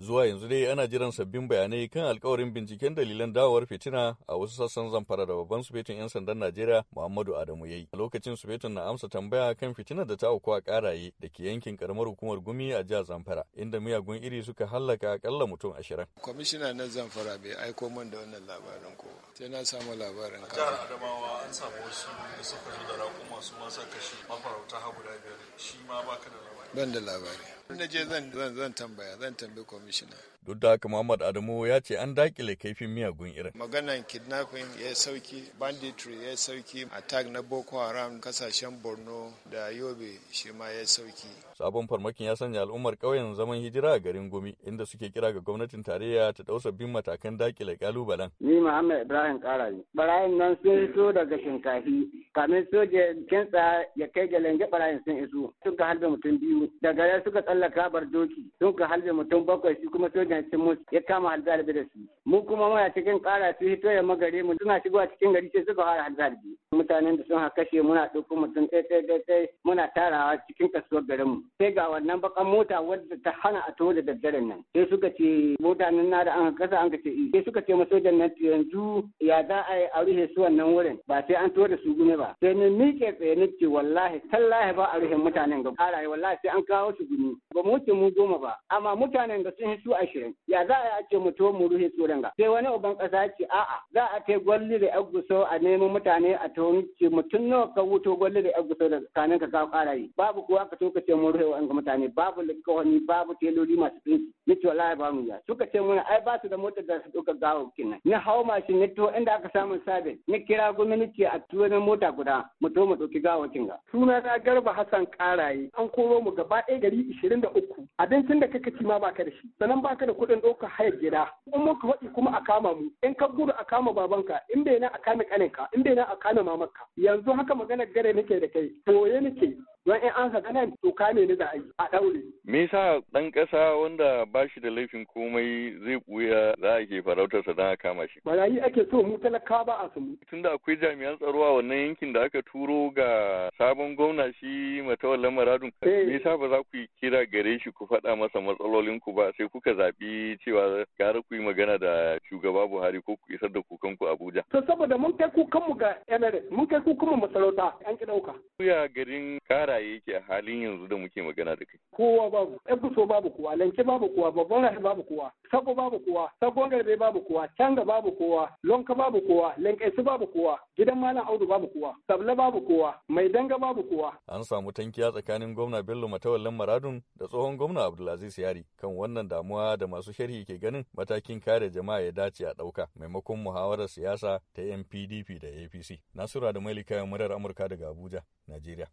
Zuwa yanzu dai ana jiran sabbin bayanai kan alkawarin binciken dalilan dawowar fitina a wasu sassan zamfara da babban sufetin 'yan sandan Najeriya Muhammadu Adamu ya yi A lokacin sufetin na amsa tambaya kan fitinar da ta aukuwa karaye da ke yankin karamar hukumar Gumi a jihar Zamfara inda miyagun iri suka hallaka akalla mutum ashirin. Kwamishina na Zamfara bai aiko min da wannan labarin ko sai na samu labarin. A jihar Adamawa an samu wasu da suka zo da raƙuma su ma sa kashe mafarauta ha guda biyar shi ma baka da labari. Ban da labari. Na je zan tambaya zan tambayi kwamishina. Duk da haka Muhammad Adamu ya ce an dakile kaifin miyagun irin. Maganan kidnapping ya sauki, banditry ya sauki, attack na Boko Haram kasashen Borno da Yobe shi ma ya sauki. Sabon farmakin ya sanya al'ummar ƙauyen zaman hijira a garin Gumi inda suke kira ga gwamnatin tarayya ta ɗau sabbin matakan dakile kalubalen. Ni Muhammad Ibrahim Karari. Barayin nan sun so daga shinkafi kamin soja kinsa ya kai ga lange barayin sun iso. Suka harbe mutum biyu daga suka tsalla tsallaka bar doki sun ka halbe mutum bakwai shi kuma sojan sun musu ya kama halbe da su mu kuma muna cikin kara su hito ya magare mu suna shigowa cikin gari sai suka fara halbe mutanen da sun kashe muna ɗauko mutum ɗaya muna tarawa cikin kasuwar garinmu sai ga wannan bakan mota wadda ta hana a tuwo da daddaren nan sai suka ce mutanen na da an kasa an kace i eh. sai suka ce ma sojan nan yanzu ya za a yi a rufe su wannan wurin ba sai an taho da su gume ba sai ni miƙe tsaye ni ce wallahi tallahi ba a rufe mutanen ga ƙara wallahi sai an kawo su gumi ba mu wuce mu goma ba amma mutanen ga sun yi su ashirin ya za a yi a ce mu taho mu rufe tsoron ga sai wani uban ƙasa ce a'a za a kai gwalli da ƴan guso a neman mutane a to ce mutum nawa ka wuto gwalle da yagusa da kanin ka ka fara yi babu kuwa ka toka ka ce mun rewa ga mutane babu likawani babu teloli masu tsinci ni ce wallahi ba mu ya suka ce mun ai ba su da motar da su ɗauka gawo kinan ni hawo mashin ni to inda aka samu sabin ni kira gwamnati a tuwo na mota guda mu to mu ɗauki gawo kinga. suna na garba hassan karaye an koro mu gaba ɗaya gari ishirin da uku abincin da kaka ci ma ka da shi sannan ka da kuɗin ɗauka hayar gida in muka faɗi kuma a kama mu in ka gudu a kama babanka in bai na a kame kaninka in bai na a kame maka yanzu haka magana gare nake da kai boye nake don in an ka ganin to kame ni da a yi a daure me yasa dan kasa wanda ba shi da laifin komai zai buya za a ke farautar sa dan a kama shi barayi ake so mu talaka ba a sumu tunda akwai jami'an tsaro a wannan yankin da aka turo ga sabon gwamna shi matawallan maradun eh. me yasa ba za ku yi kira gare shi ku faɗa masa matsalolin ku ba sai kuka zaɓi cewa gara ku yi magana da shugaba Buhari ko ku isar da kukan ku Abuja to saboda mun kai kukan mu ga Emirates mun kai kukan mu masarauta an ki Ku ya garin kara raye yake halin yanzu da muke magana da kai kowa babu ebuso babu kowa lanke babu kowa babban rahe babu kowa sako babu kowa sako garbe babu kowa canga babu kowa lonka babu kowa lankaisu babu kowa gidan malam audu babu kowa sabla babu kowa mai danga babu kowa an samu tankiya tsakanin gwamna bello matawallan maradun da tsohon gwamna abdulaziz yari kan wannan damuwa da masu sharhi ke ganin matakin kare jama'a ya dace a ɗauka maimakon muhawarar siyasa ta npdp da apc nasura da mailika murar amurka daga abuja najeriya